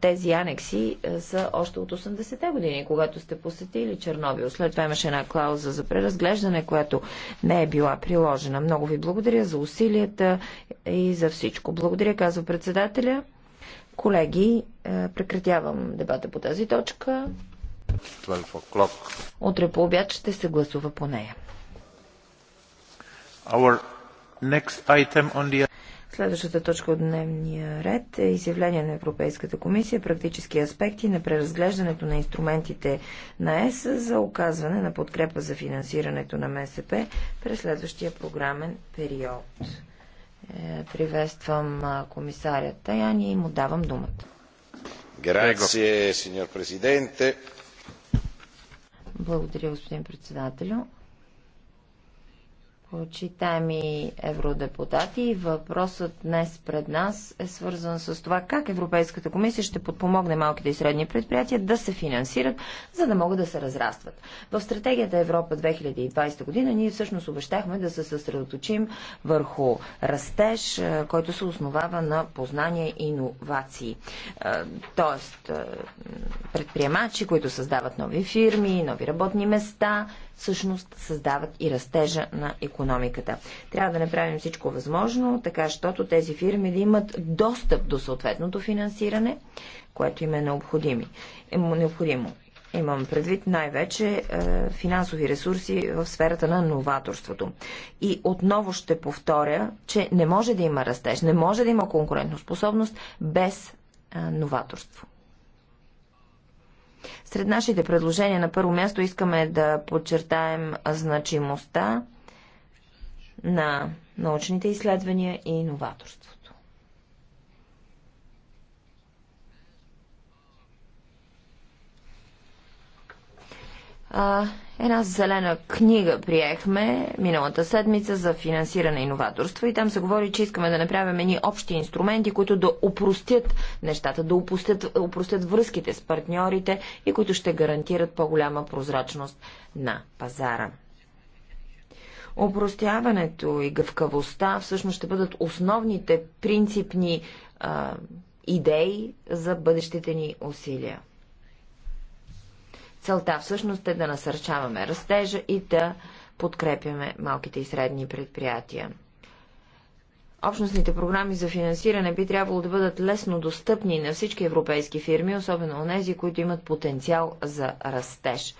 Тези анекси е, са още от 80-те години, когато сте посетили Чернобил. След това имаше една клауза за преразглеждане, която не е била приложена. Много ви благодаря за усилията и за всичко. Благодаря, казва председателя. Колеги, е, прекратявам дебата по тази точка. Утре по обяд ще се гласува по нея. Our next item on the... Следващата точка от дневния ред е изявление на Европейската комисия практически аспекти на преразглеждането на инструментите на ЕС за оказване на подкрепа за финансирането на МСП през следващия програмен период. Е, приветствам комисаря Таяни и му давам думата. Благодаря, господин председателю. Почитаеми евродепутати, въпросът днес пред нас е свързан с това как Европейската комисия ще подпомогне малките и средни предприятия да се финансират, за да могат да се разрастват. В стратегията Европа 2020 година ние всъщност обещахме да се съсредоточим върху растеж, е, който се основава на познание и иновации. Е, тоест, е, предприемачи, които създават нови фирми, нови работни места – всъщност създават и растежа на економиката. Трябва да направим всичко възможно, така щото тези фирми да имат достъп до съответното финансиране, което им е необходимо. Е необходимо. Имам предвид най-вече е, финансови ресурси в сферата на новаторството. И отново ще повторя, че не може да има растеж, не може да има конкурентоспособност без е, новаторство. Сред нашите предложения на първо място искаме да подчертаем значимостта на научните изследвания и иноваторството. А, една зелена книга приехме миналата седмица за финансиране и новаторство и там се говори, че искаме да направим едни общи инструменти, които да упростят нещата, да упростят, упростят връзките с партньорите и които ще гарантират по-голяма прозрачност на пазара. Опростяването и гъвкавостта всъщност ще бъдат основните принципни а, идеи за бъдещите ни усилия. Целта всъщност е да насърчаваме растежа и да подкрепяме малките и средни предприятия. Общностните програми за финансиране би трябвало да бъдат лесно достъпни на всички европейски фирми, особено онези, които имат потенциал за растеж.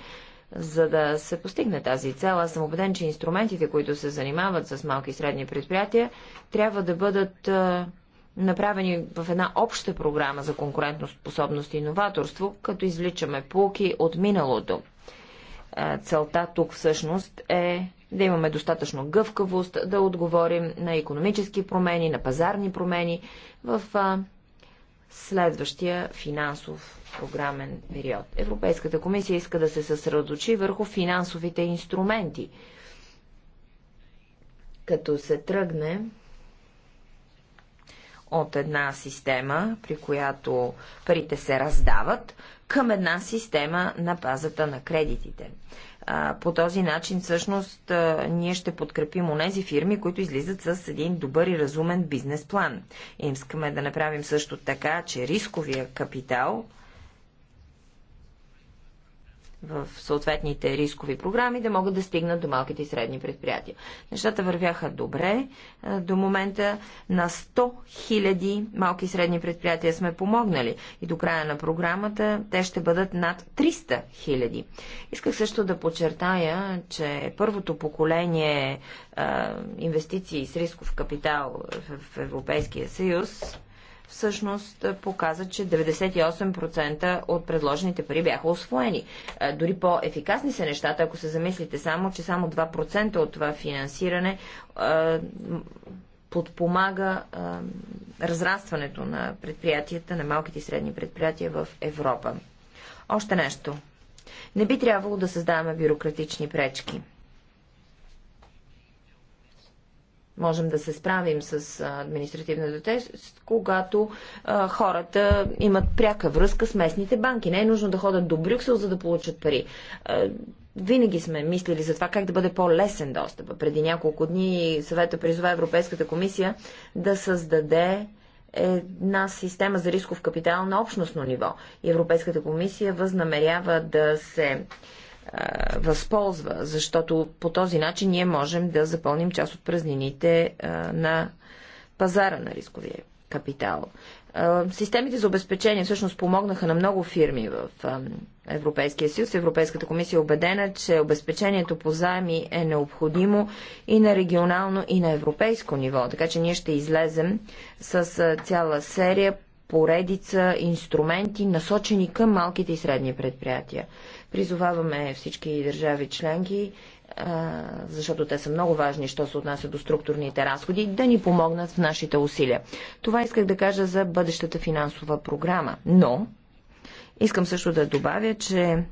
За да се постигне тази цел, аз съм убеден, че инструментите, които се занимават с малки и средни предприятия, трябва да бъдат направени в една обща програма за конкурентоспособност и иноваторство, като извличаме полки от миналото. Е, целта тук всъщност е да имаме достатъчно гъвкавост, да отговорим на економически промени, на пазарни промени в следващия финансов програмен период. Европейската комисия иска да се съсредоточи върху финансовите инструменти, като се тръгне от една система, при която парите се раздават, към една система на базата на кредитите. По този начин, всъщност, ние ще подкрепим онези фирми, които излизат с един добър и разумен бизнес план. Им искаме да направим също така, че рисковия капитал в съответните рискови програми, да могат да стигнат до малките и средни предприятия. Нещата вървяха добре. Е, до момента на 100 000 малки и средни предприятия сме помогнали и до края на програмата те ще бъдат над 300 000. Исках също да подчертая, че първото поколение е, инвестиции с рисков капитал в Европейския съюз всъщност е, показа, че 98% от предложените пари бяха освоени. Е, дори по-ефикасни са нещата, ако се замислите само, че само 2% от това финансиране е, подпомага разрастването на предприятията, на малките и средни предприятия в Европа. Още нещо. Не би трябвало да създаваме бюрократични пречки. можем да се справим с административната тежест, когато а, хората имат пряка връзка с местните банки. Не е нужно да ходят до Брюксел, за да получат пари. А, винаги сме мислили за това как да бъде по-лесен достъп. Преди няколко дни съвета призова Европейската комисия да създаде една система за рисков капитал на общностно ниво. Европейската комисия възнамерява да се възползва, защото по този начин ние можем да запълним част от празнините на пазара на рисковия капитал. Системите за обезпечение всъщност помогнаха на много фирми в Европейския съюз. Европейската комисия е убедена, че обезпечението по заеми е необходимо и на регионално, и на европейско ниво. Така че ние ще излезем с цяла серия поредица инструменти, насочени към малките и средни предприятия. Призоваваме всички държави членки, защото те са много важни, що се отнася до структурните разходи, да ни помогнат в нашите усилия. Това исках да кажа за бъдещата финансова програма. Но искам също да добавя, че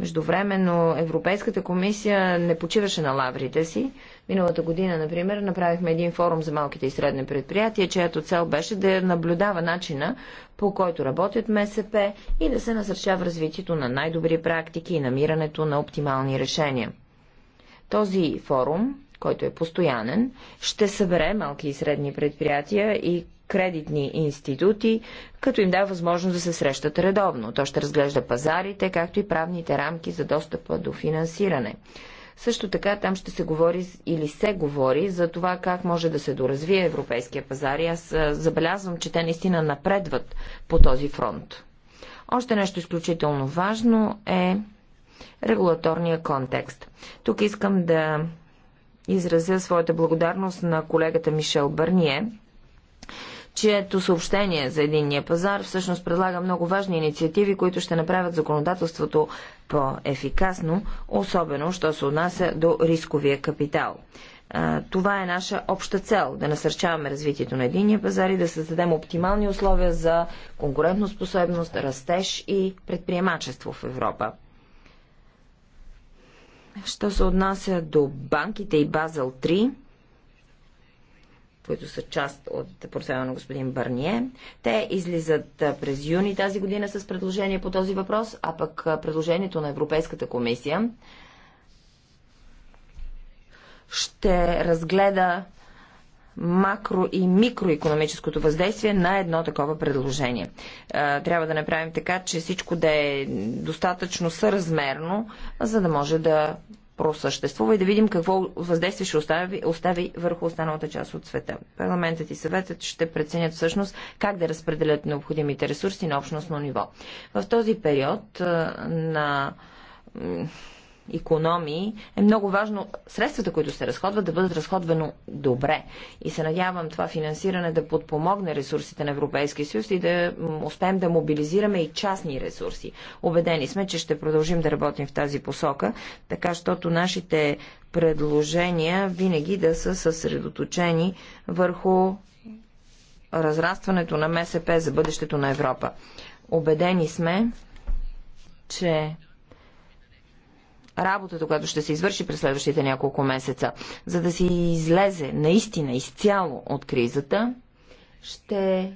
Междувременно Европейската комисия не почиваше на лаврите си. Миналата година, например, направихме един форум за малките и средни предприятия, чиято цел беше да наблюдава начина по който работят МСП и да се насърчава развитието на най-добри практики и намирането на оптимални решения. Този форум, който е постоянен, ще събере малки и средни предприятия и кредитни институти, като им дава възможност да се срещат редовно. То ще разглежда пазарите, както и правните рамки за достъпа до финансиране. Също така там ще се говори или се говори за това как може да се доразвие европейския пазар и аз забелязвам, че те наистина напредват по този фронт. Още нещо изключително важно е регулаторния контекст. Тук искам да изразя своята благодарност на колегата Мишел Бърние, чието съобщение за единния пазар всъщност предлага много важни инициативи, които ще направят законодателството по-ефикасно, особено, що се отнася до рисковия капитал. Това е наша обща цел да насърчаваме развитието на единния пазар и да създадем оптимални условия за способност, растеж и предприемачество в Европа. Що се отнася до банките и Базел 3, които са част от портфела на господин Барние. Те излизат през юни тази година с предложение по този въпрос, а пък предложението на Европейската комисия ще разгледа макро и микроекономическото въздействие на едно такова предложение. Трябва да направим така, че всичко да е достатъчно съразмерно, за да може да просъществува и да видим какво въздействие ще остави, остави върху останалата част от света. Парламентът и съветът ще преценят всъщност как да разпределят необходимите ресурси на общностно ниво. В този период на економии, е много важно средствата, които се разходват, да бъдат разходвано добре. И се надявам това финансиране да подпомогне ресурсите на Европейския съюз и да успеем да мобилизираме и частни ресурси. Обедени сме, че ще продължим да работим в тази посока, така щото нашите предложения винаги да са съсредоточени върху разрастването на МСП за бъдещето на Европа. Обедени сме, че работата, която ще се извърши през следващите няколко месеца, за да се излезе наистина изцяло от кризата, ще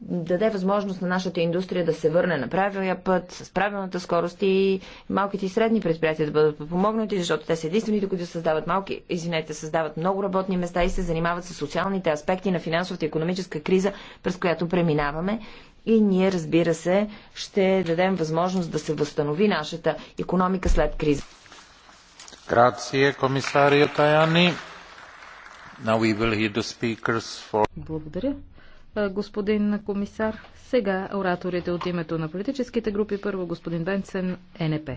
даде възможност на нашата индустрия да се върне на правилния път, с правилната скорост и малките и средни предприятия да бъдат подпомогнати, защото те са единствените, които създават малки, извинете, създават много работни места и се занимават с социалните аспекти на финансовата и економическа криза, през която преминаваме и ние, разбира се, ще дадем възможност да се възстанови нашата економика след криза. Грация, комисария Таяни. Now we will hear the speakers for... Благодаря. Господин комисар, сега ораторите от името на политическите групи. Първо господин Бенцен, НП.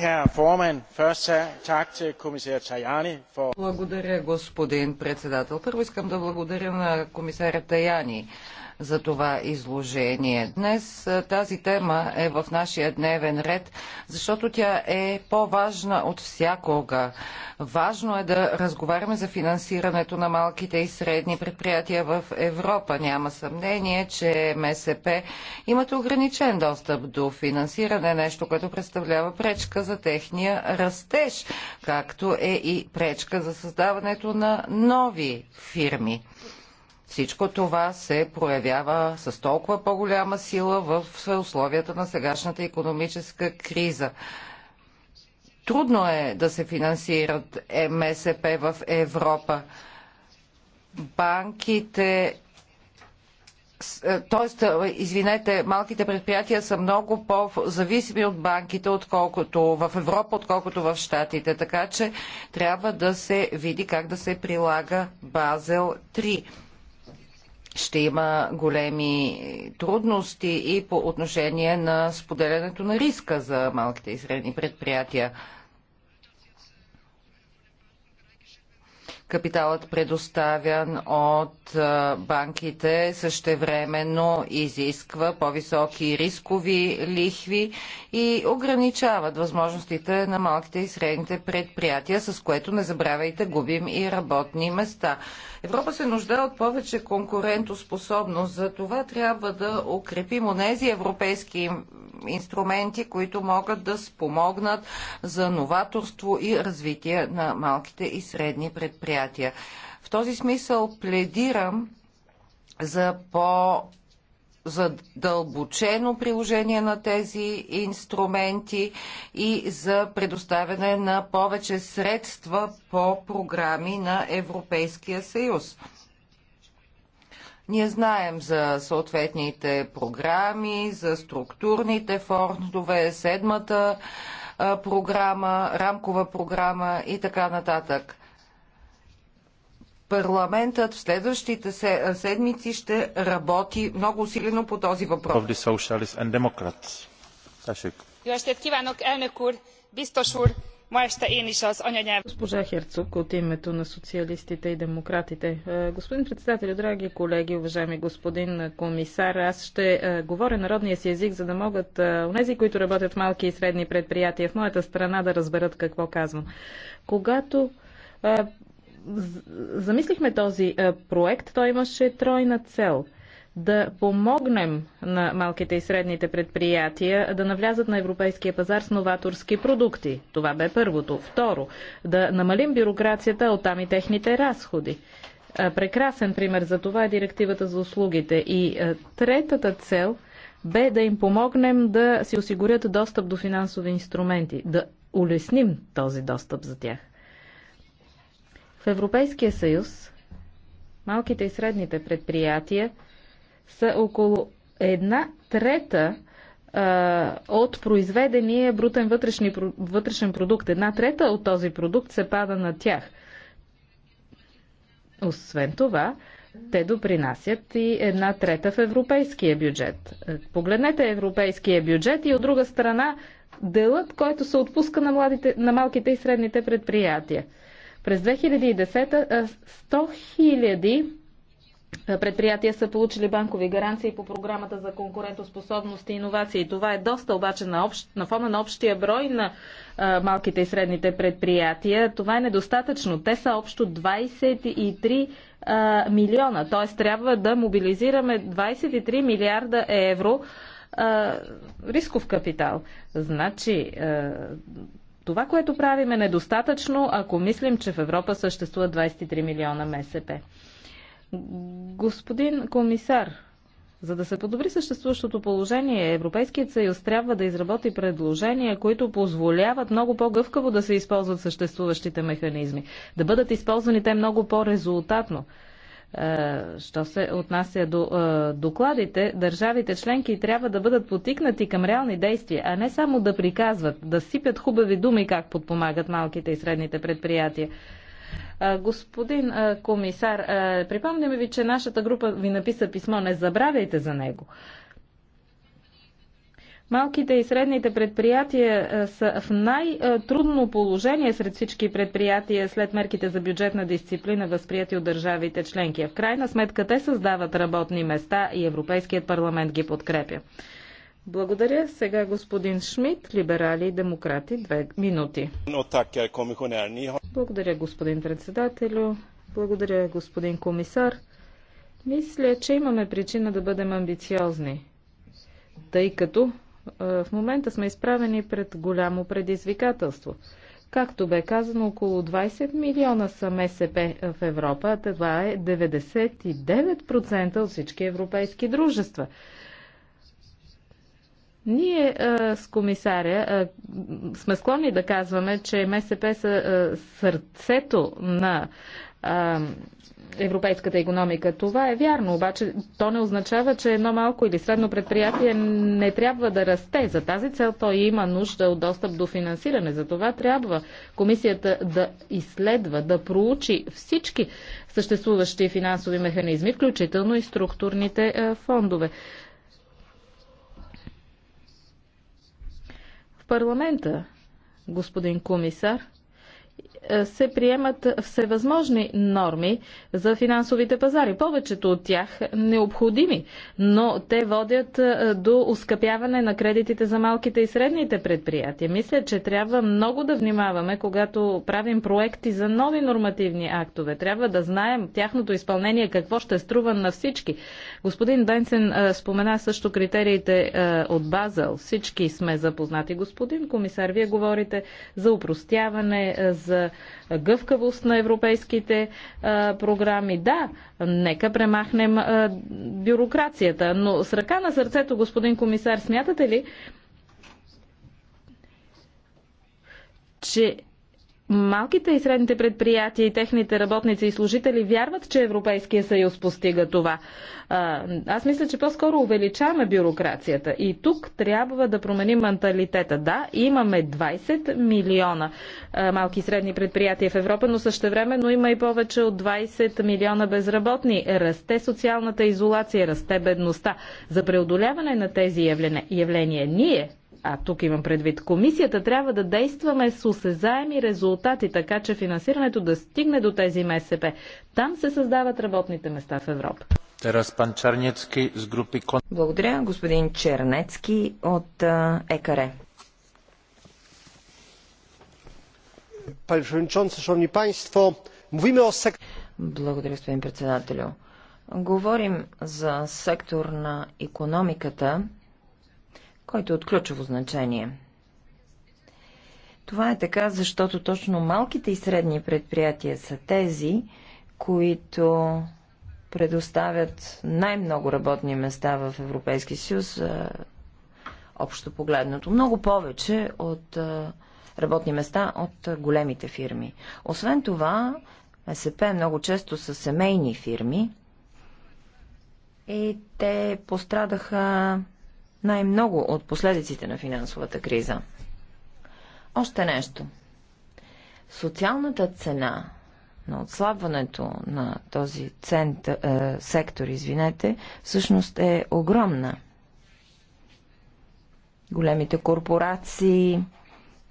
Uh, благодаря, господин председател. Първо искам да благодаря на комисаря Таяни за това изложение. Днес тази тема е в нашия дневен ред, защото тя е по-важна от всякога. Важно е да разговаряме за финансирането на малките и средни предприятия в Европа. Няма съмнение, че МСП имат ограничен достъп до финансиране, нещо, което представлява пречка за техния растеж, както е и пречка за създаването на нови фирми. Всичко това се проявява с толкова по-голяма сила в условията на сегашната економическа криза. Трудно е да се финансират МСП в Европа. Банките е, Тоест, е, извинете, малките предприятия са много по-зависими от банките, отколкото в Европа, отколкото в Штатите. Така че трябва да се види как да се прилага Базел 3 ще има големи трудности и по отношение на споделянето на риска за малките и средни предприятия. Капиталът предоставян от банките същевременно изисква по-високи рискови лихви и ограничават възможностите на малките и средните предприятия, с което, не забравяйте, губим и работни места. Европа се нуждае от повече конкурентоспособност. За това трябва да укрепим онези европейски инструменти, които могат да спомогнат за новаторство и развитие на малките и средни предприятия. В този смисъл пледирам за по задълбочено приложение на тези инструменти и за предоставяне на повече средства по програми на Европейския съюз. Ние знаем за съответните програми, за структурните фондове, седмата програма, рамкова програма и така нататък. Парламентът в следващите седмици ще работи много усилено по този въпрос. Госпожа Херцог от името на социалистите и демократите. Е, господин председател, драги колеги, уважаеми господин комисар, аз ще е, говоря народния си език, за да могат е, онези, които работят в малки и средни предприятия в моята страна, да разберат какво казвам. Когато замислихме този е, проект, той имаше тройна цел да помогнем на малките и средните предприятия да навлязат на европейския пазар с новаторски продукти. Това бе първото. Второ, да намалим бюрокрацията, оттам и техните разходи. Е, прекрасен пример за това е директивата за услугите. И е, третата цел бе да им помогнем да си осигурят достъп до финансови инструменти, да улесним този достъп за тях. В Европейския съюз малките и средните предприятия са около една трета а, от произведения брутен вътрешен продукт. Една трета от този продукт се пада на тях. Освен това, те допринасят и една трета в европейския бюджет. Погледнете европейския бюджет и от друга страна делът, който се отпуска на, младите, на малките и средните предприятия. През 2010 100 000 предприятия са получили банкови гаранции по програмата за конкурентоспособност и иновации. Това е доста обаче на, общ, на фона на общия брой на а, малките и средните предприятия. Това е недостатъчно. Те са общо 23 а, милиона. Т.е. трябва да мобилизираме 23 милиарда евро а, рисков капитал. Значи, а, това, което правим е недостатъчно, ако мислим, че в Европа съществуват 23 милиона МСП. Господин комисар, за да се подобри съществуващото положение, Европейският съюз трябва да изработи предложения, които позволяват много по-гъвкаво да се използват съществуващите механизми, да бъдат използвани те много по-резултатно. Е, що се отнася до е, докладите, държавите членки трябва да бъдат потикнати към реални действия, а не само да приказват, да сипят хубави думи как подпомагат малките и средните предприятия. Е, господин комисар, припомняме ви, че нашата група ви написа писмо. Не забравяйте за него. Малките и средните предприятия е, са в най-трудно положение сред всички предприятия след мерките за бюджетна дисциплина, възприяти от държавите членки. В крайна сметка те създават работни места и Европейският парламент ги подкрепя. Благодаря. Сега господин Шмидт, либерали и демократи, две минути. Е, Благодаря, господин председателю. Благодаря, господин комисар. Мисля, че имаме причина да бъдем амбициозни, тъй като е, в момента сме изправени пред голямо предизвикателство. Както бе казано, около 20 милиона са МСП в Европа, а това е 99% от всички европейски дружества. Ние а, е, с комисаря а, е, сме склонни да казваме, че МСП са а, сърцето на а, европейската економика. Това е вярно, обаче то не означава, че едно малко или средно предприятие не трябва да расте. За тази цел то има нужда от достъп до финансиране. За това трябва комисията да изследва, да проучи всички съществуващи финансови механизми, включително и структурните фондове. В парламента, господин комисар, е, се приемат всевъзможни норми за финансовите пазари. Повечето от тях необходими, но те водят е, до ускъпяване на кредитите за малките и средните предприятия. Мисля, че трябва много да внимаваме, когато правим проекти за нови нормативни актове. Трябва да знаем тяхното изпълнение какво ще струва на всички. Господин Денсен е, спомена също критериите от Базел. Всички сме запознати. Господин комисар, вие говорите за упростяване, за гъвкавост на европейските програми. Да, нека премахнем бюрокрацията, но с ръка на сърцето, господин комисар, смятате ли, че малките и средните предприятия и техните работници и служители вярват, че Европейския съюз постига това. Аз мисля, че по-скоро увеличаваме бюрокрацията. И тук трябва да променим менталитета. Да, имаме 20 милиона малки и средни предприятия в Европа, но но има и повече от 20 милиона безработни. Расте социалната изолация, расте бедността. За преодоляване на тези явления ние, а тук имам предвид комисията, трябва да действаме с осезаеми резултати, така че финансирането да стигне до тези МСП. Там се създават работните места в Европа. Групи... Благодаря, господин Чернецки от ЕКАРЕ. Благодаря, господин председателю. Говорим за сектор на економиката, който е от ключово значение. Това е така, защото точно малките и средни предприятия са тези, които предоставят най-много работни места в Европейския съюз, общо погледнато. Много повече от работни места от големите фирми. Освен това, СП много често са семейни фирми и те пострадаха най-много от последиците на финансовата криза. Още нещо. Социалната цена на отслабването на този цент, е, сектор, извинете, всъщност е огромна. Големите корпорации,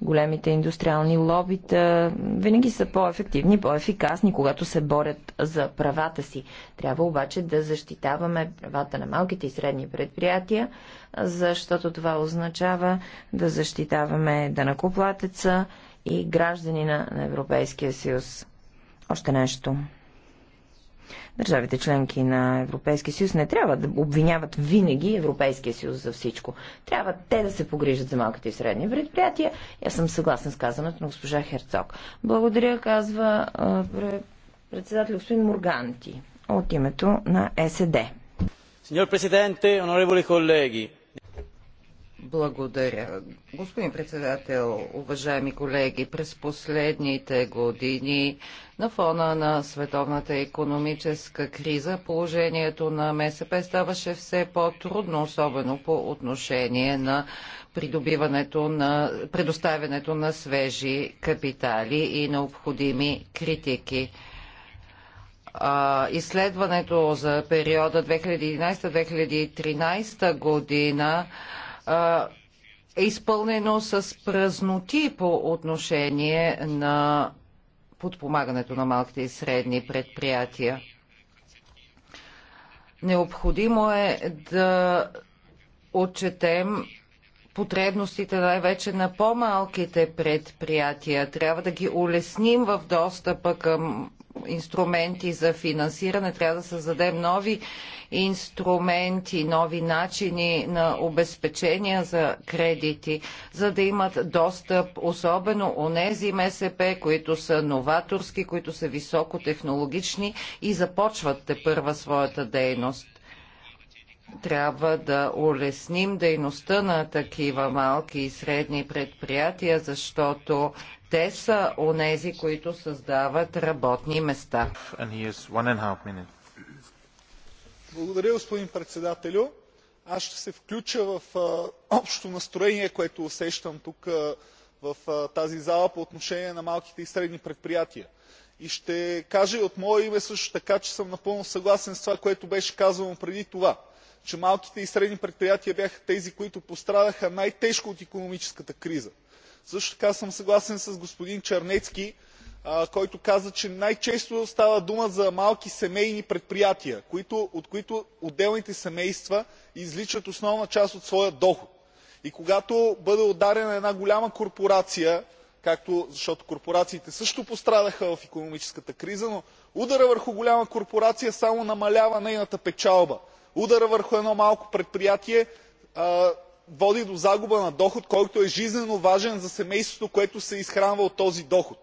Големите индустриални лобита винаги са по-ефективни, по-ефикасни, когато се борят за правата си. Трябва обаче да защитаваме правата на малките и средни предприятия, защото това означава да защитаваме данакоплатеца и гражданина на Европейския съюз. Още нещо. Държавите членки на Европейския съюз не трябва да обвиняват винаги Европейския съюз за всичко. Трябва те да се погрижат за малките и средни предприятия. Аз съм съгласен с казаното на госпожа Херцог. Благодаря, казва председател господин Морганти от името на СД. Сеньор президенте, onorevoli колеги. Благодаря. Господин председател, уважаеми колеги, през последните години на фона на световната економическа криза положението на МСП ставаше все по-трудно, особено по отношение на придобиването на, предоставянето на свежи капитали и необходими критики изследването за периода 2011-2013 година е изпълнено с празноти по отношение на подпомагането на малките и средни предприятия. Необходимо е да отчетем потребностите най-вече на по-малките предприятия. Трябва да ги улесним в достъпа към инструменти за финансиране, трябва да създадем нови инструменти, нови начини на обезпечения за кредити, за да имат достъп, особено онези МСП, които са новаторски, които са високотехнологични и започват те първа своята дейност трябва да улесним дейността на такива малки и средни предприятия, защото те са онези, които създават работни места. Благодаря, господин председателю. Аз ще се включа в общото настроение, което усещам тук в тази зала по отношение на малките и средни предприятия. И ще кажа и от мое име също така, че съм напълно съгласен с това, което беше казано преди това, че малките и средни предприятия бяха тези, които пострадаха най-тежко от икономическата криза също така съм съгласен с господин чернецки който каза че най често става дума за малки семейни предприятия от които отделните семейства извличат основна част от своя доход. и когато бъде ударена една голяма корпорация защото корпорациите също пострадаха в икономическата криза но ударът върху голяма корпорация само намалява нейната печалба ударът върху едно малко предприятие води до загуба на доход който е важен за семейството което се изхранва от този доход.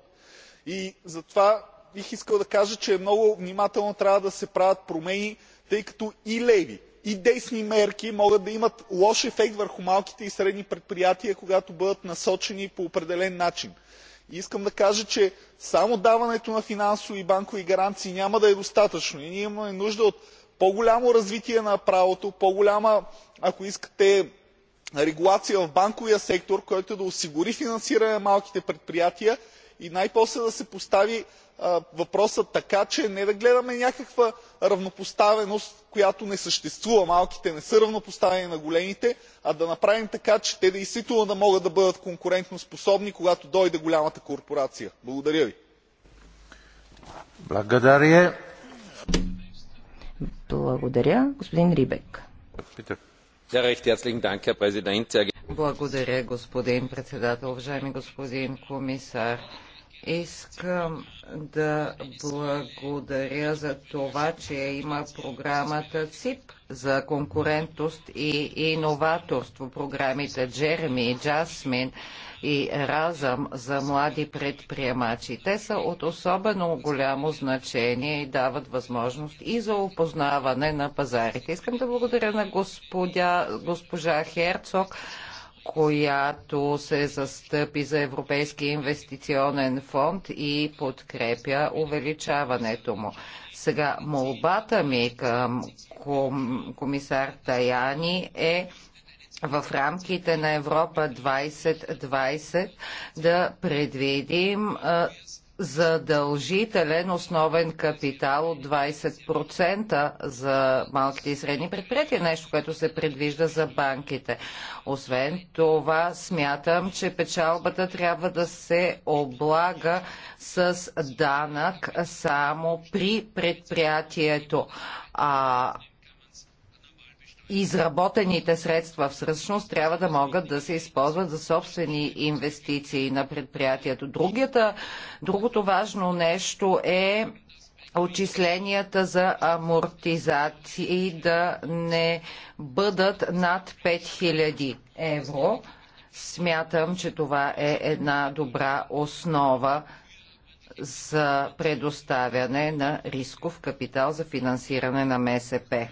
И затова бих искал да кажа че много внимателно трябва да се правят промени тъй като и леви и десни мерки могат да имат лош ефект върху малките и средни предприятия когато бъдат насочени по определен начин. И искам да кажа че само даването на финансови и банкови гаранции няма да е достатъчно. ние имаме нужда от по голямо развитие на правото по голяма ако искате регулация в банковия сектор който да осигури финансиране на малките предприятия и най после да се постави въпросът така че не да гледаме някаква равнопоставеност която не съществува малките не са равнопоставени на големите а да направим така че те действително да могат да бъдат конкурентоспособни когато дойде голямата корпорация. благодаря ви. Благодаря. Господин Рибек. Благодаря, господин председател. Уважаеми господин комисар, Искам да благодаря за това, че има програмата ЦИП за конкурентност и иноваторство, програмите Джереми, Джасмин и Разъм за млади предприемачи. Те са от особено голямо значение и дават възможност и за опознаване на пазарите. Искам да благодаря на господя, госпожа Херцог която се застъпи за Европейски инвестиционен фонд и подкрепя увеличаването му. Сега, молбата ми към комисар Таяни е в рамките на Европа 2020 да предвидим задължителен основен капитал от 20% за малките и средни предприятия, нещо, което се предвижда за банките. Освен това, смятам, че печалбата трябва да се облага с данък само при предприятието. А изработените средства всъщност трябва да могат да се използват за собствени инвестиции на предприятието. Другията, другото важно нещо е отчисленията за амортизации да не бъдат над 5000 евро. Смятам, че това е една добра основа за предоставяне на рисков капитал за финансиране на МСП.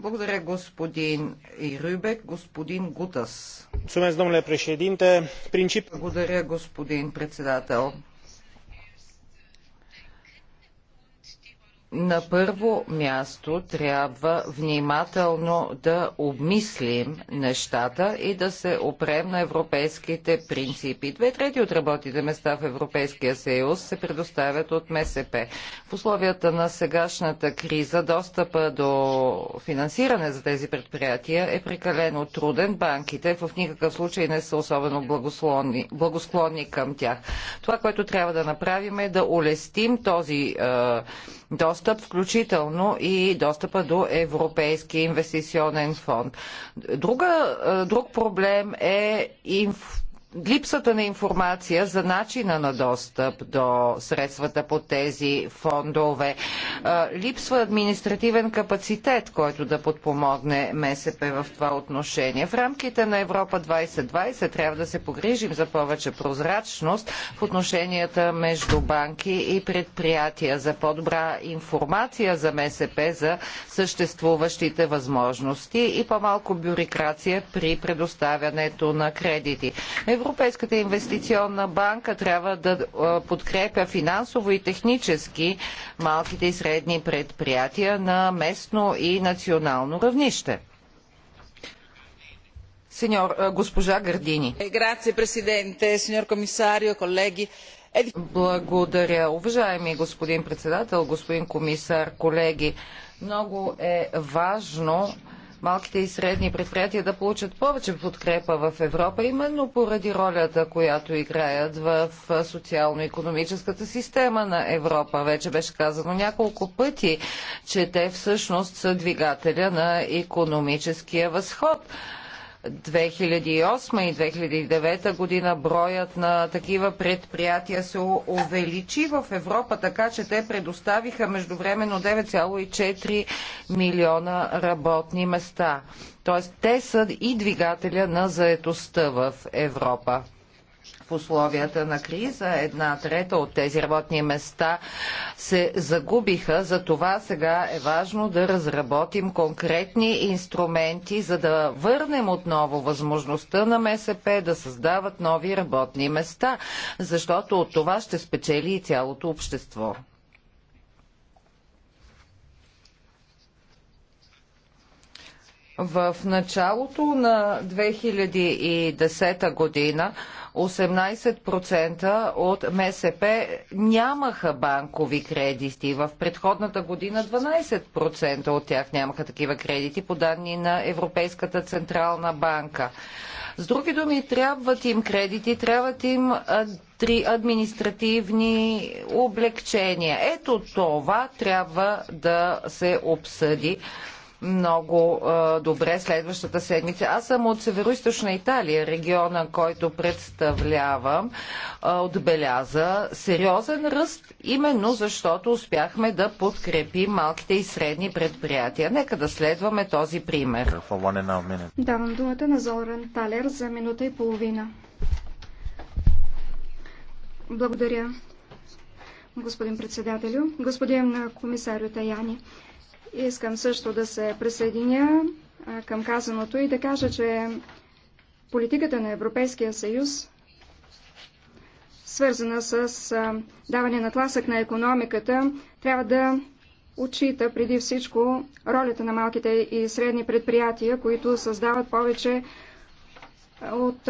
Благодаря господин Ирюбек, господин Гутас. Благодаря господин председател. На първо място трябва внимателно да обмислим нещата и да се опрем на европейските принципи. Две трети от работните места в Европейския съюз се предоставят от МСП. В условията на сегашната криза достъпа до финансиране за тези предприятия е прекалено труден. Банките в никакъв случай не са особено благосклонни, благосклонни към тях. Това, което трябва да направим е да улестим този е, достъп достъп, включително и достъпа до Европейски инвестиционен фонд. Друга, е, друг проблем е инф липсата на информация за начина на достъп до средствата по тези фондове. Липсва административен капацитет, който да подпомогне МСП в това отношение. В рамките на Европа 2020 трябва да се погрижим за повече прозрачност в отношенията между банки и предприятия, за по-добра информация за МСП, за съществуващите възможности и по-малко бюрокрация при предоставянето на кредити. Европейската инвестиционна банка трябва да подкрепя финансово и технически малките и средни предприятия на местно и национално равнище. Сеньор, госпожа Гардини. Е, грация, президенте, сеньор комисарио, колеги. Е, Благодаря. Уважаеми господин председател, господин комисар, колеги, много е важно малките и средни предприятия да получат повече подкрепа в Европа, именно поради ролята, която играят в социално-економическата система на Европа. Вече беше казано няколко пъти, че те всъщност са двигателя на економическия възход 2008 и 2009 година броят на такива предприятия се увеличи в Европа, така че те предоставиха междувременно 9,4 милиона работни места. Тоест те са и двигателя на заетостта в Европа в условията на криза. Една трета от тези работни места се загубиха. За това сега е важно да разработим конкретни инструменти, за да върнем отново възможността на МСП да създават нови работни места, защото от това ще спечели и цялото общество. В началото на 2010 година 18% от МСП нямаха банкови кредити. В предходната година 12% от тях нямаха такива кредити, по данни на Европейската Централна банка. С други думи, трябват им кредити, трябват им три административни облегчения. Ето това трябва да се обсъди много а, добре следващата седмица. Аз съм от Северо-Источна Италия, региона, който представлявам, а, отбеляза сериозен ръст, именно защото успяхме да подкрепим малките и средни предприятия. Нека да следваме този пример. Давам думата на Зоран Талер за минута и половина. Благодаря, господин председателю, господин комисарю Таяни. Искам също да се присъединя към казаното и да кажа, че политиката на Европейския съюз, свързана с даване на тласък на економиката, трябва да отчита преди всичко ролята на малките и средни предприятия, които създават повече от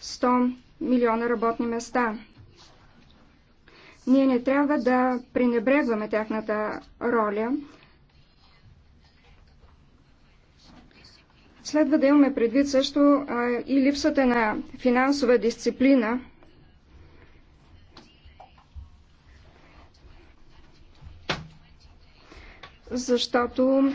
100 милиона работни места. Ние не трябва да пренебрегваме тяхната роля. Следва да имаме предвид също и липсата на финансова дисциплина защото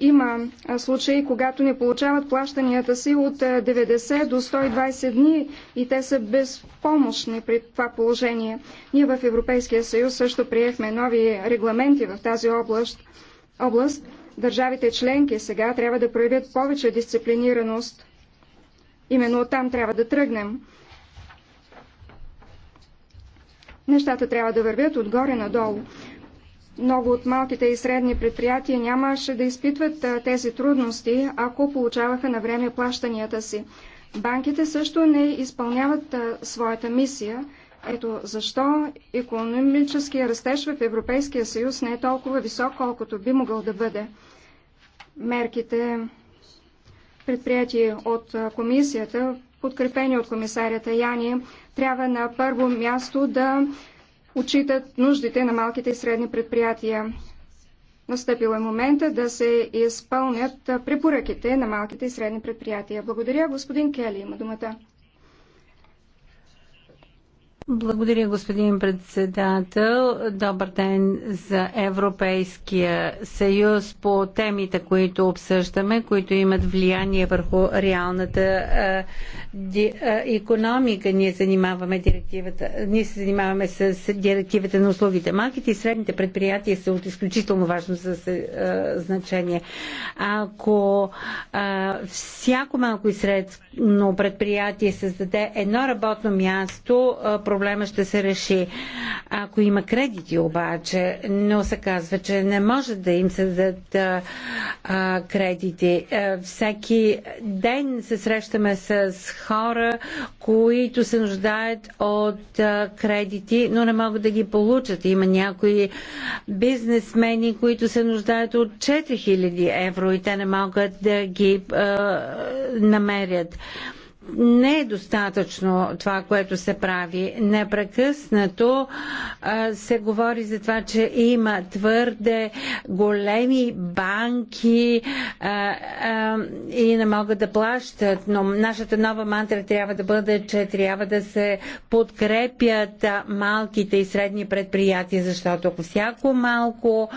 има случаи, когато не получават плащанията си от 90 до 120 дни и те са безпомощни при това положение. Ние в Европейския съюз също приехме нови регламенти в тази област. област. Държавите членки сега трябва да проявят повече дисциплинираност. Именно оттам трябва да тръгнем. Нещата трябва да вървят отгоре надолу. Много от малките и средни предприятия нямаше да изпитват тези трудности, ако получаваха на време плащанията си. Банките също не изпълняват своята мисия. Ето защо економическия растеж в Европейския съюз не е толкова висок, колкото би могъл да бъде. Мерките, предприятия от комисията, подкрепени от комисарята Яни, трябва на първо място да отчитат нуждите на малките и средни предприятия. Настъпил е момента да се изпълнят препоръките на малките и средни предприятия. Благодаря, господин Кели. Има думата. Благодаря, господин председател. Добър ден за Европейския съюз по темите, които обсъждаме, които имат влияние върху реалната ди, економика. Ние, занимаваме директивата, ние се занимаваме с, директивата на услугите. Малките и средните предприятия са от изключително важно за, а, значение. Ако всяко малко и средно предприятие създаде едно работно място, проблема ще се реши. Ако има кредити обаче, но се казва, че не може да им се дадат а, кредити. Всеки ден се срещаме с хора, които се нуждаят от а, кредити, но не могат да ги получат. Има някои бизнесмени, които се нуждаят от 4000 евро и те не могат да ги а, намерят не е достатъчно това, което се прави. Непрекъснато а, се говори за това, че има твърде големи банки а, а, и не могат да плащат, но нашата нова мантра трябва да бъде, че трябва да се подкрепят малките и средни предприятия, защото ако всяко малко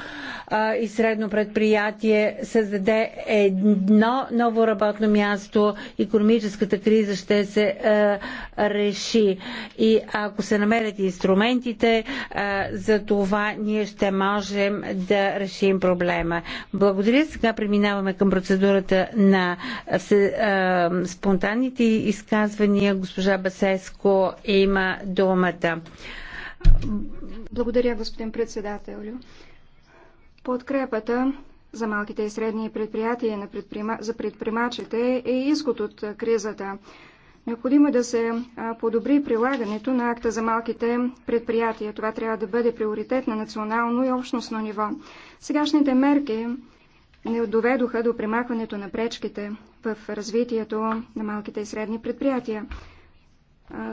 а, и средно предприятие създаде едно ново работно място, економическата криза криза ще се а, е, реши. И ако се намерят инструментите, а, е, за това ние ще можем да решим проблема. Благодаря. Сега преминаваме към процедурата на се, а, е, спонтанните изказвания. Госпожа Басеско има думата. Благодаря, господин председател. Подкрепата за малките и средни предприятия на предприма... за предприемачите е изход от кризата. Необходимо е да се подобри прилагането на акта за малките предприятия. Това трябва да бъде приоритет на национално и общностно ниво. Сегашните мерки не доведоха до примахването на пречките в развитието на малките и средни предприятия.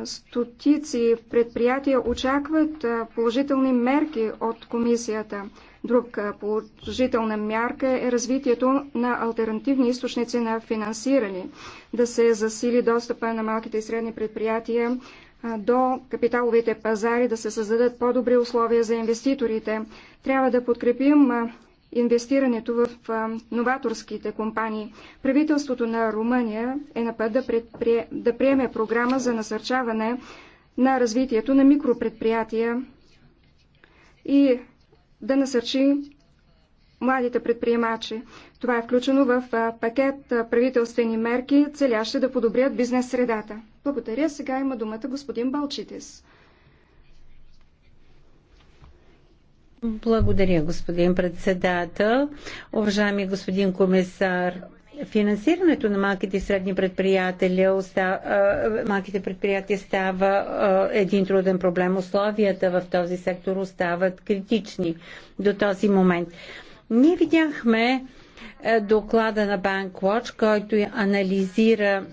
Стотици предприятия очакват положителни мерки от комисията. Друг положителна мярка е развитието на альтернативни източници на финансиране, да се засили достъпа на малките и средни предприятия до капиталовите пазари, да се създадат по-добри условия за инвеститорите. Трябва да подкрепим инвестирането в новаторските компании. Правителството на Румъния е на път да, предприе... да приеме програма за насърчаване на развитието на микропредприятия и да насърчи младите предприемачи. Това е включено в пакет правителствени мерки, целящи да подобрят бизнес средата. Благодаря. Сега има думата господин Балчитис. Благодаря, господин председател. Уважаеми господин комисар, финансирането на малките и средни предприятия, малките предприятия става един труден проблем. Условията в този сектор остават критични до този момент. Ние видяхме е, доклада на BankWatch, който анализира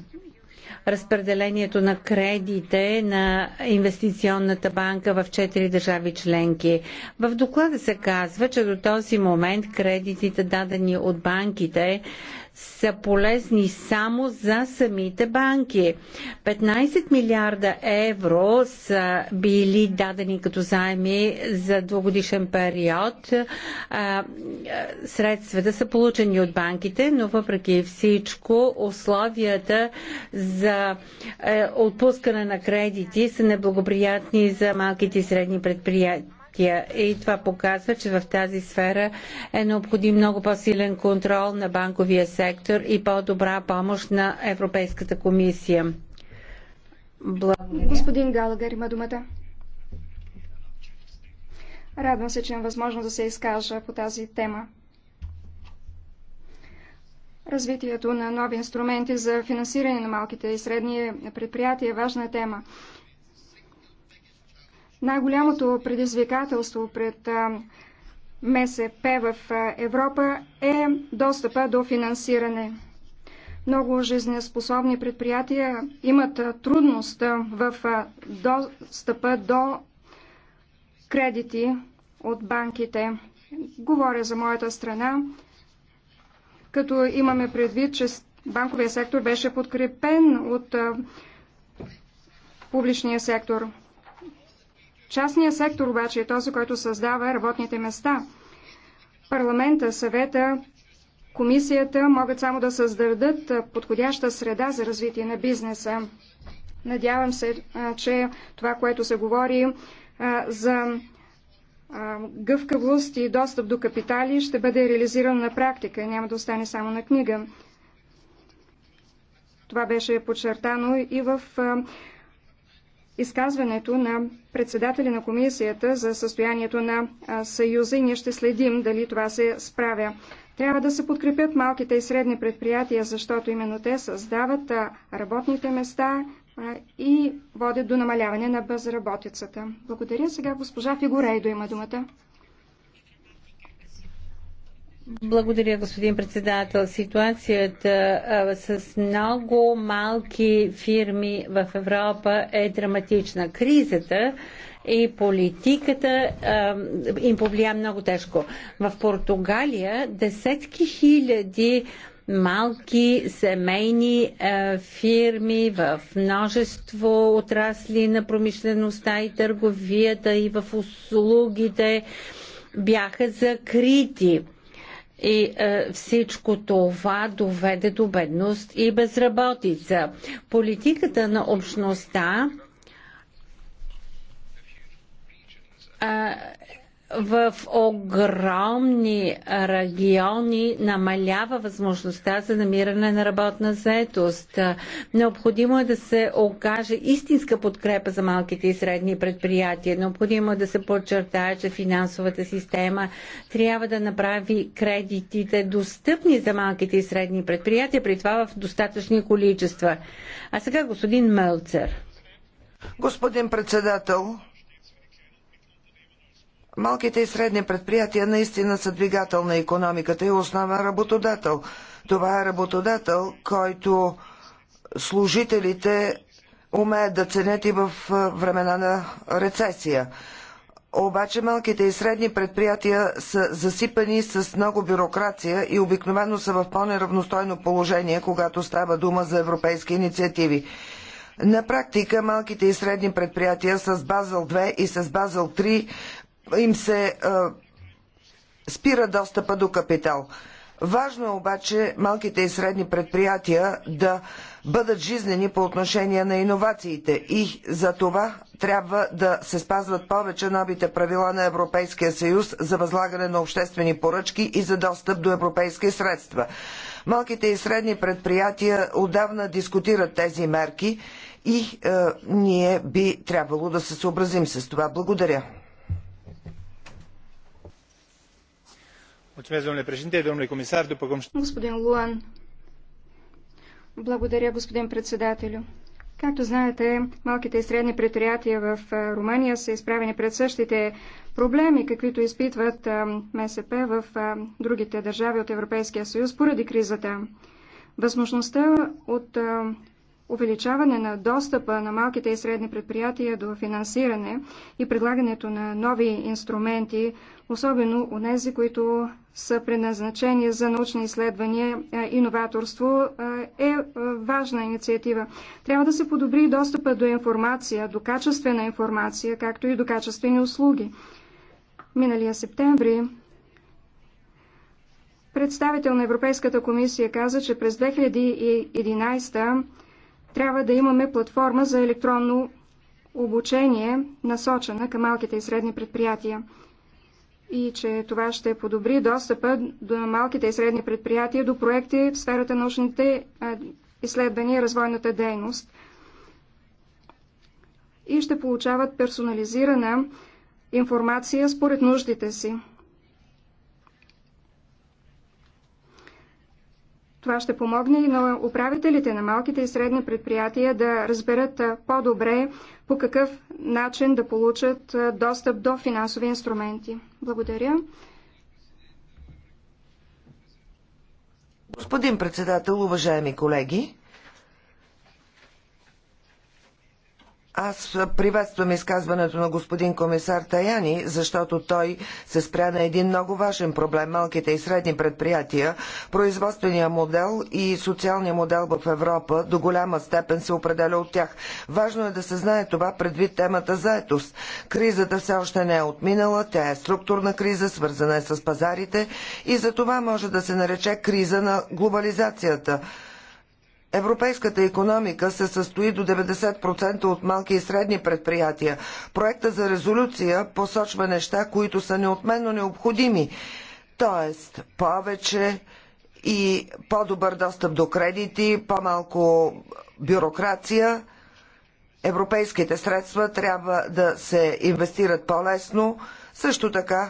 разпределението на кредите на инвестиционната банка в четири държави членки. В доклада се казва, че до този момент кредитите дадени от банките са полезни само за самите банки. 15 милиарда евро са били дадени като заеми за двугодишен период. Средствата са получени от банките, но въпреки всичко условията за е, отпускане на кредити са неблагоприятни за малките и средни предприятия партия. И това показва, че в тази сфера е необходим много по-силен контрол на банковия сектор и по-добра помощ на Европейската комисия. Благодаря. Господин Галагер има думата. Радвам се, че имам възможност да се изкажа по тази тема. Развитието на нови инструменти за финансиране на малките и средни предприятия е важна тема. Най-голямото предизвикателство пред МСП в Европа е достъпа до финансиране. Много жизнеспособни предприятия имат трудност в достъпа до кредити от банките. Говоря за моята страна, като имаме предвид, че банковия сектор беше подкрепен от публичния сектор. Частният сектор обаче е този, който създава работните места. Парламента, съвета, комисията могат само да създадат подходяща среда за развитие на бизнеса. Надявам се, че това, което се говори за гъвкавост и достъп до капитали ще бъде реализирано на практика и няма да остане само на книга. Това беше подчертано и в изказването на председателя на комисията за състоянието на Съюза и ние ще следим дали това се справя. Трябва да се подкрепят малките и средни предприятия, защото именно те създават работните места и водят до намаляване на безработицата. Благодаря. Сега госпожа Фигурейдо има думата. Благодаря, господин председател. Ситуацията с много малки фирми в Европа е драматична. Кризата и политиката а, им повлия много тежко. В Португалия десетки хиляди малки семейни а, фирми в множество отрасли на промишлеността и търговията и в услугите бяха закрити и е, всичко това доведе до бедност и безработица. Политиката на общността е, в огромни региони намалява възможността за намиране на работна заетост. Необходимо е да се окаже истинска подкрепа за малките и средни предприятия. Необходимо е да се подчертае, че финансовата система трябва да направи кредитите достъпни за малките и средни предприятия, при това в достатъчни количества. А сега господин Мълцер. Господин председател, Малките и средни предприятия наистина са двигател на економиката и основен работодател. Това е работодател, който служителите умеят да ценят и в времена на рецесия. Обаче малките и средни предприятия са засипани с много бюрокрация и обикновено са в по-неравностойно положение, когато става дума за европейски инициативи. На практика малките и средни предприятия с Базел 2 и с Базел 3 им се спира достъпа до капитал. Важно е обаче малките и средни предприятия да бъдат жизнени по отношение на иновациите и за това трябва да се спазват повече новите правила на Европейския съюз за възлагане на обществени поръчки и за достъп до европейски средства. Малките и средни предприятия отдавна дискутират тези мерки и е, ние би трябвало да се съобразим с това. Благодаря. Господин Луан, благодаря, господин председателю. Както знаете, малките и средни предприятия в Румъния са изправени пред същите проблеми, каквито изпитват МСП в другите държави от Европейския съюз поради кризата. Възможността от увеличаване на достъпа на малките и средни предприятия до финансиране и предлагането на нови инструменти, особено у нези, които са предназначени за научни изследвания, и новаторство, е важна инициатива. Трябва да се подобри достъпа до информация, до качествена информация, както и до качествени услуги. Миналия септември представител на Европейската комисия каза, че през 2011 трябва да имаме платформа за електронно обучение, насочена към малките и средни предприятия и че това ще подобри достъпа до малките и средни предприятия до проекти в сферата на научните изследвания и развойната дейност и ще получават персонализирана информация според нуждите си. Това ще помогне и на управителите на малките и средни предприятия да разберат по-добре по какъв начин да получат достъп до финансови инструменти. Благодаря. Господин председател, уважаеми колеги, Аз приветствам изказването на господин комисар Таяни, защото той се спря на един много важен проблем малките и средни предприятия. Производственият модел и социалният модел в Европа до голяма степен се определя от тях. Важно е да се знае това предвид темата заетост. Кризата все още не е отминала, тя е структурна криза, свързана е с пазарите и за това може да се нарече криза на глобализацията – Европейската економика се състои до 90% от малки и средни предприятия. Проекта за резолюция посочва неща, които са неотменно необходими, т.е. повече и по-добър достъп до кредити, по-малко бюрокрация. Европейските средства трябва да се инвестират по-лесно. Също така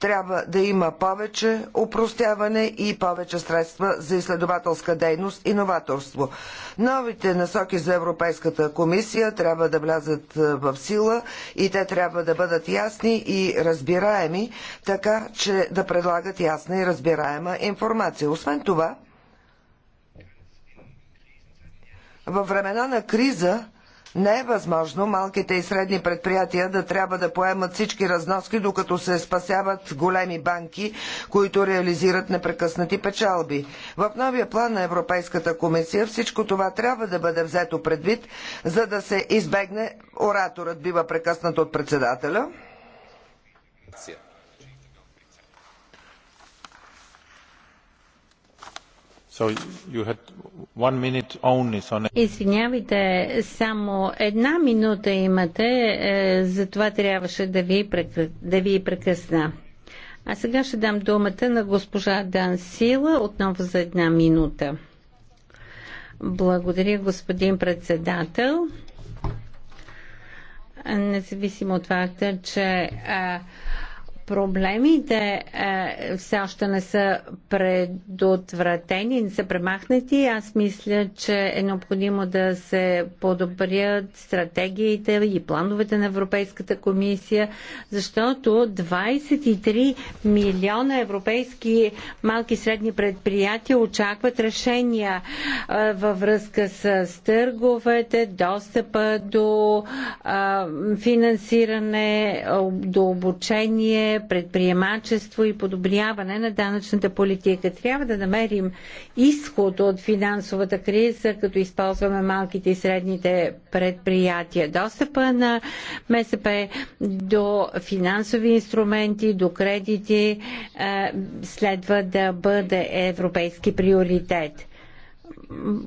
трябва да има повече упростяване и повече средства за изследователска дейност и новаторство. Новите насоки за Европейската комисия трябва да влязат е, в сила и те трябва да бъдат ясни и разбираеми, така че да предлагат ясна и разбираема информация. Освен това, във времена на криза не е възможно малките и средни предприятия да трябва да поемат всички разноски, докато се спасяват големи банки, които реализират непрекъснати печалби. В новия план на Европейската комисия всичко това трябва да бъде взето предвид, за да се избегне ораторът бива прекъснат от председателя. Извинявайте, само една минута имате, е, затова трябваше да ви, да ви прекъсна. А сега ще дам думата на госпожа Дансила отново за една минута. Благодаря, господин председател. Независимо от факта, че а, проблемите е, все още не са предотвратени, не са премахнати. Аз мисля, че е необходимо да се подобрят стратегиите и плановете на Европейската комисия, защото 23 милиона европейски малки и средни предприятия очакват решения е, във връзка с търговете, достъпа до е, финансиране, до обучение, предприемачество и подобряване на данъчната политика. Трябва да намерим изход от финансовата криза, като използваме малките и средните предприятия. Достъпа на МСП до финансови инструменти, до кредити е, следва да бъде европейски приоритет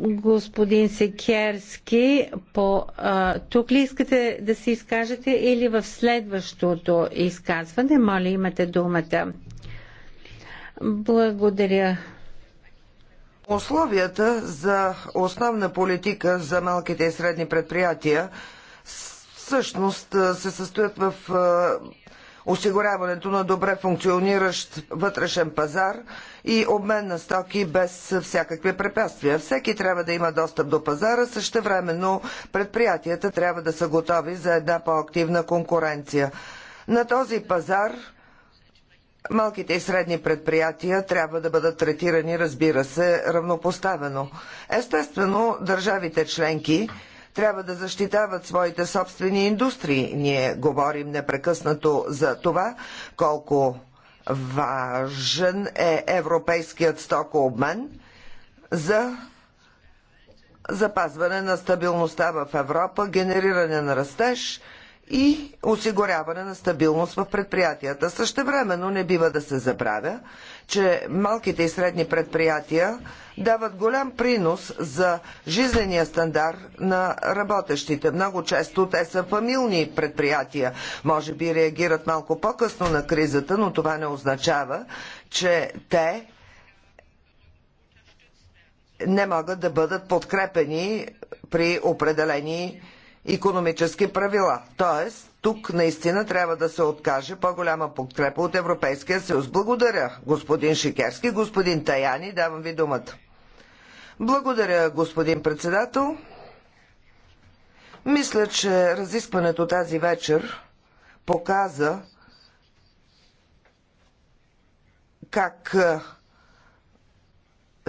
господин Секерски, по, а, тук ли искате да се изкажете или в следващото изказване? Моля, имате думата. Благодаря. Условията за основна политика за малките и средни предприятия всъщност се състоят в осигуряването на добре функциониращ вътрешен пазар – и обмен на стоки без всякакви препятствия. Всеки трябва да има достъп до пазара, същевременно предприятията трябва да са готови за една по-активна конкуренция. На този пазар Малките и средни предприятия трябва да бъдат третирани, разбира се, равнопоставено. Естествено, държавите членки трябва да защитават своите собствени индустрии. Ние говорим непрекъснато за това, колко важен е европейският стокообмен за запазване на стабилността в Европа, генериране на растеж и осигуряване на стабилност в предприятията. Същевременно не бива да се забравя, че малките и средни предприятия дават голям принос за жизнения стандарт на работещите. Много често те са фамилни предприятия. Може би реагират малко по-късно на кризата, но това не означава, че те не могат да бъдат подкрепени при определени економически правила. Тоест, тук наистина трябва да се откаже по-голяма подкрепа от Европейския съюз. Благодаря, господин Шикерски. Господин Таяни, давам ви думата. Благодаря, господин председател. Мисля, че разискването тази вечер показа как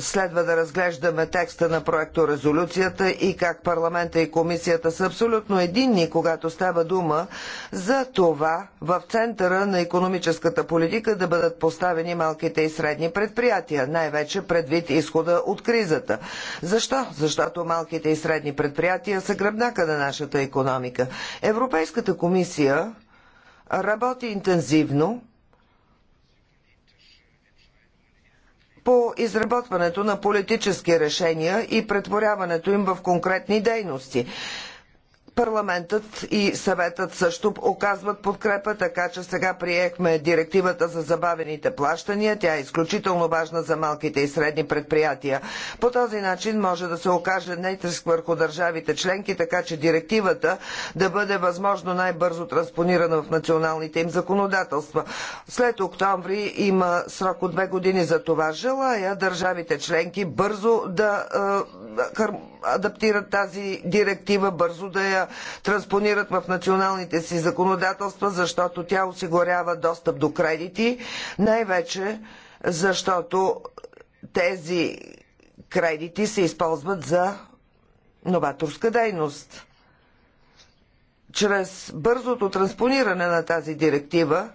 следва да разглеждаме текста на проекто резолюцията и как парламента и комисията са абсолютно единни, когато става дума за това в центъра на економическата политика да бъдат поставени малките и средни предприятия, най-вече предвид изхода от кризата. Защо? Защото малките и средни предприятия са гръбнака на нашата економика. Европейската комисия работи интензивно по изработването на политически решения и претворяването им в конкретни дейности. Парламентът и съветът също оказват подкрепа, така че сега приехме директивата за забавените плащания. Тя е изключително важна за малките и средни предприятия. По този начин може да се окаже нейтиск върху държавите членки, така че директивата да бъде възможно най-бързо транспонирана в националните им законодателства. След октомври има срок от две години за това. Желая държавите членки бързо да е, адаптират тази директива, бързо да я транспонират в националните си законодателства, защото тя осигурява достъп до кредити, най-вече защото тези кредити се използват за новаторска дейност. Чрез бързото транспониране на тази директива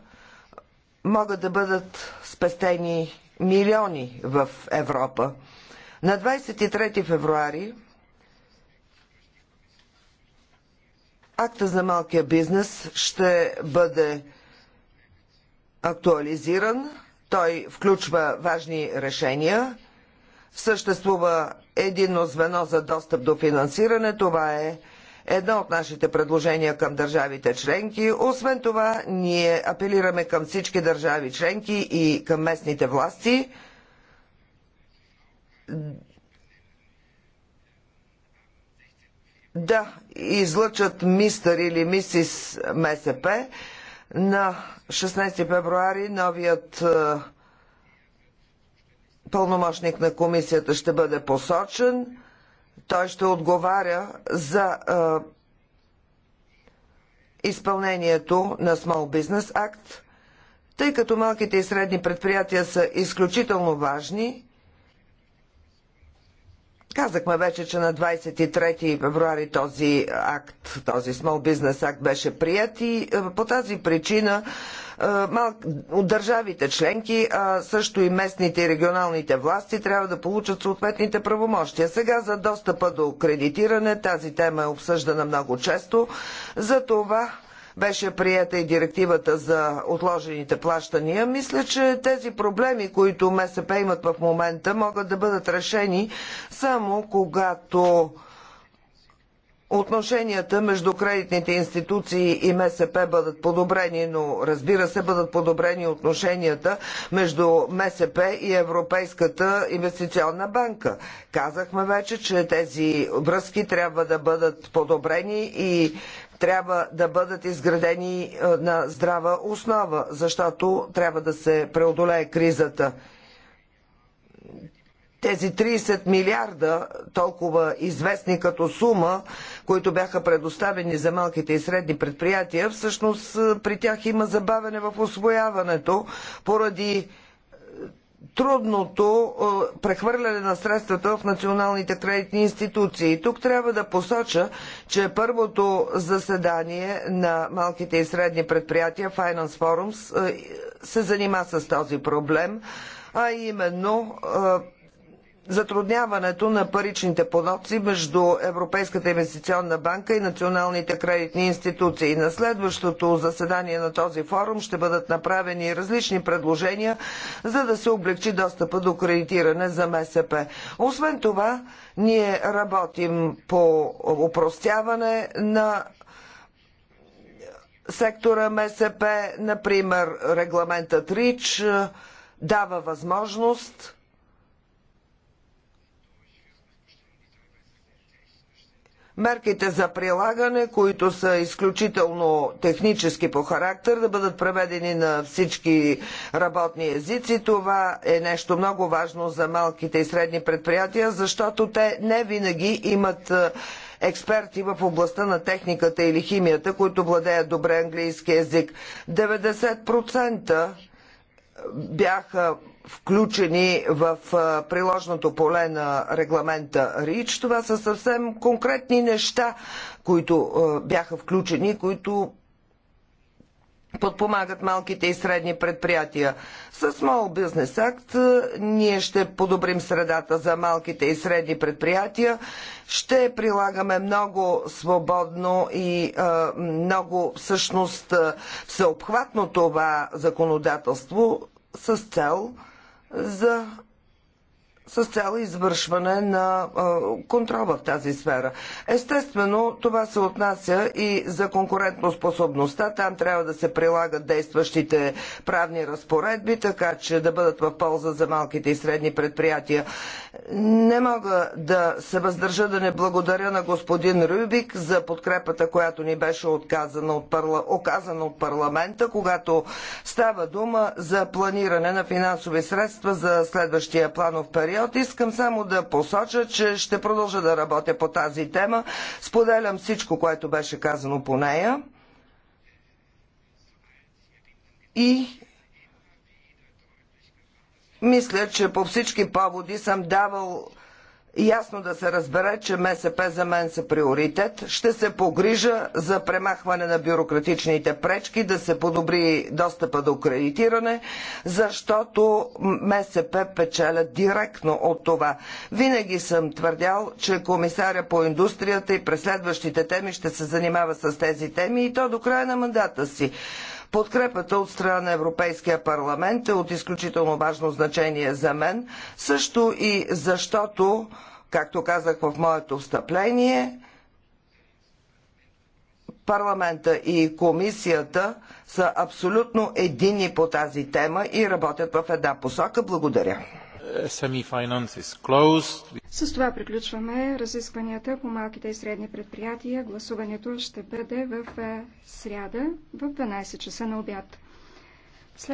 могат да бъдат спестени милиони в Европа. На 23 февруари Акта за малкия бизнес ще бъде актуализиран. Той включва важни решения. Съществува единно звено за достъп до финансиране. Това е едно от нашите предложения към държавите членки. Освен това, ние апелираме към всички държави членки и към местните власти да излъчат мистър или мисис МСП. На 16 февруари новият е, пълномощник на комисията ще бъде посочен. Той ще отговаря за е, изпълнението на Small Business Act, тъй като малките и средни предприятия са изключително важни Казахме вече, че на 23 февруари този акт, този Small Business акт беше прият и е, по тази причина е, от държавите членки, а също и местните и регионалните власти трябва да получат съответните правомощия. Сега за достъпа до кредитиране, тази тема е обсъждана много често, за това беше приета и директивата за отложените плащания, мисля, че тези проблеми, които МСП имат в момента, могат да бъдат решени само когато отношенията между кредитните институции и МСП бъдат подобрени, но разбира се бъдат подобрени отношенията между МСП и Европейската инвестиционна банка. Казахме вече, че тези връзки трябва да бъдат подобрени и трябва да бъдат изградени е, на здрава основа, защото трябва да се преодолее кризата. Тези 30 милиарда, толкова известни като сума, които бяха предоставени за малките и средни предприятия, всъщност е, при тях има забавене в освояването поради трудното е, прехвърляне на средствата в националните кредитни институции. Тук трябва да посоча, че първото заседание на малките и средни предприятия Finance Forums е, се занима с този проблем, а именно е, затрудняването на паричните потоци между Европейската инвестиционна банка и националните кредитни институции. На следващото заседание на този форум ще бъдат направени различни предложения, за да се облегчи достъпа до кредитиране за МСП. Освен това, ние работим по упростяване на сектора МСП, например регламентът РИЧ е, дава възможност мерките за прилагане, които са изключително технически по характер, да бъдат преведени на всички работни езици. Това е нещо много важно за малките и средни предприятия, защото те не винаги имат е, експерти в областта на техниката или химията, които владеят добре английски язик. 90% бяха включени в приложното поле на регламента РИЧ. Това са съвсем конкретни неща, които бяха включени, които подпомагат малките и средни предприятия. С Small Business Act ние ще подобрим средата за малките и средни предприятия, ще прилагаме много свободно и е, много всъщност всеобхватно това законодателство с цел за с цяло извършване на контрол в тази сфера. Естествено, това се отнася и за конкурентоспособността. Там трябва да се прилагат действащите правни разпоредби, така че да бъдат в полза за малките и средни предприятия. Не мога да се въздържа да не благодаря на господин Рюбик за подкрепата, която ни беше отказана от парла... оказана от парламента, когато става дума за планиране на финансови средства за следващия планов период период. Искам само да посоча, че ще продължа да работя по тази тема. Споделям всичко, което беше казано по нея. И мисля, че по всички поводи съм давал ясно да се разбере, че МСП за мен са приоритет. Ще се погрижа за премахване на бюрократичните пречки, да се подобри достъпа до кредитиране, защото МСП печелят директно от това. Винаги съм твърдял, че комисаря по индустрията и през следващите теми ще се занимава с тези теми и то до края на мандата си. Подкрепата от страна на Европейския парламент е от изключително важно значение за мен, също и защото, както казах в моето встъпление, парламента и комисията са абсолютно едини по тази тема и работят в една посока. Благодаря. С това приключваме разискванията по малките и средни предприятия. Гласуването ще бъде в е, сряда в 12 часа на обяд.